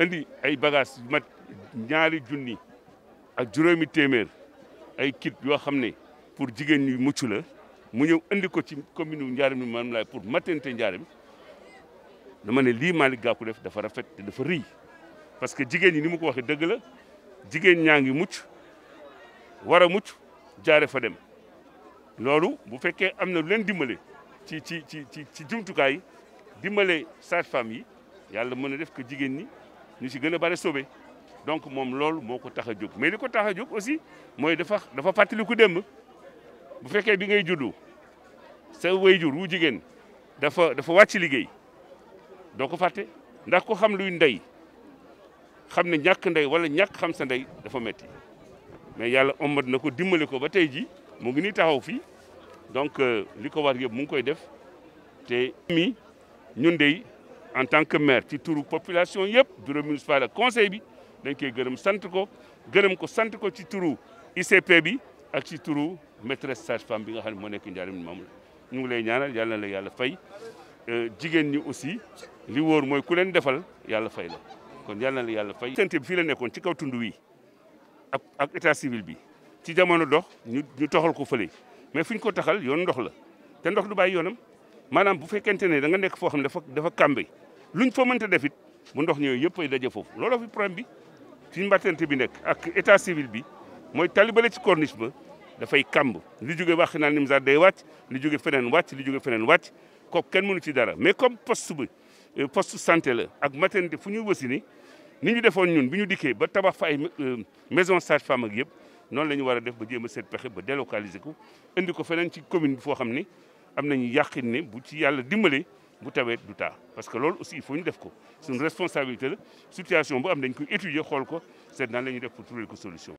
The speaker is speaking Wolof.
indi ay bagage mat ñaari junni ak juróomi téeméer ay kit yoo xam ne pour jigéen ñi mucc la mu ñëw indi ko ci commune wu Ndiarème Limamoulaye pour maternité Ndiarème dama ne lii Malick Gakou def dafa rafet dafa rëy parce que jigéen ñi ni mu ko waxee dëgg la jigéen ñaa ngi mucc war a mucc jaare fa dem loolu bu fekkee am na leen dimbale ci ci ci ci ci jumtukaay dimbale sage-femme yi yàlla mën a def ko jigéen ñi ñu ci gën a sauvé donc moom loolu moo ko tax a mais li ko tax aussi mooy dafa dafa fàttaliku démb bu fekkee bi ngay juddu sa wayjur wu jigéen dafa dafa wàcc liggéey doo ko ndax ko xam luy ndey ne ndey wala ndey dafa mais yàlla na ko dimbali ko ba tey ji ngi donc def mi ñun en tant que maire ci turu population yépp bureau municipal ak conseil bi dañ koy gërëm sant ko gërëm ko sant ko ci turu ICP bi ak ci turu maîtresse sage femme bi nga xam ne moo nekk njaarim moom la ñu ngi lay ñaanal yàlla na la yàlla fay euh, jigéen ñi aussi li wóor mooy ku leen defal yàlla fay la kon yàlla na la yàlla fay. santé bi fii la nekkoon ci kaw tund wi ak ak état civil bi ci jamono dox ñu ñu toxal ko fële mais fuñ ko taxal yoon ndox la te ndox du bàyyi yoonam maanaam bu fekkente ne da nga nekk foo xam ne dafa dafa kàmbe luñ fa mënta def it bu ndox ñëwee yëpp ay daje foofu looloo fi problème bi ci mbattante bi nekk ak état civil bi mooy talibale ci corniche ba dafay kamb li jóge wax naa Nimzaat day wàcc li jóge feneen wàcc li jóge feneen wàcc kooku kenn mënu ci dara mais comme poste bi euh, poste santé la ak maternité fu ñuy wasi ni ni ñu defoon ñun bi ñu dikkee ba tabax fa ay euh, maison sage-femme ak yëpp noonu la ñu war a def ba jéem a seet pexe ba délocaliser ko indi ko feneen ci commune bi foo xam ne am nañu yàqin ne bu ci yàlla dimbale parce que là aussi il faut une def C'est une responsabilité la situation bu am dañ koy étudier xool ko c'est nan la def pour trouver une solution.